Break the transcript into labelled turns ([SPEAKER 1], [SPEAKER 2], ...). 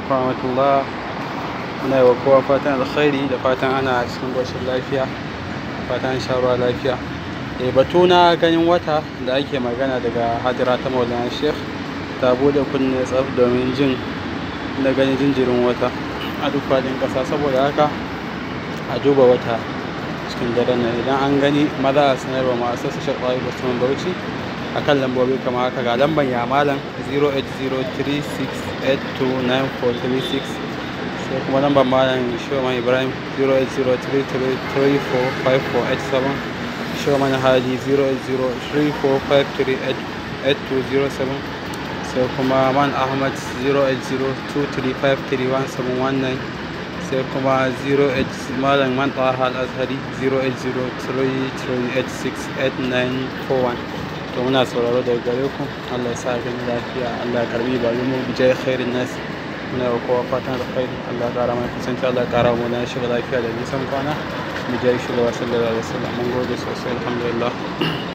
[SPEAKER 1] alaikum rahmatullah muna yi wa kowa fatan alkhairi da fatan ana cikin goshin lafiya fatan sha ruwa lafiya e batu na ganin wata da ake magana daga hadira ta maulana sheikh ta bude kunne tsaf domin jin na ganin jinjirin wata a duk faɗin ƙasa saboda haka a duba wata cikin daren nan idan an gani maza a sanarwa masu sassa shaƙa da sun bauchi akan lambobi kamar haka ga lamban ya malam 08036829436 sai kuma lamban malam shoman ibrahim 08033345487 shoman haji 08034538207 sai kuma man ahmad 08023531719 sai kuma 08 malam man tahal azhari 08033868941 to muna sauraro daga gare ku allah ya sa gani lafiya allah ya karbi ba mu bijai khairin nasi muna kowa fatan alkhairi allah ya kara mai kusanci allah ya kara mu na shiga lafiya da nisan kwana
[SPEAKER 2] bijai shugaba sallallahu alaihi wasallam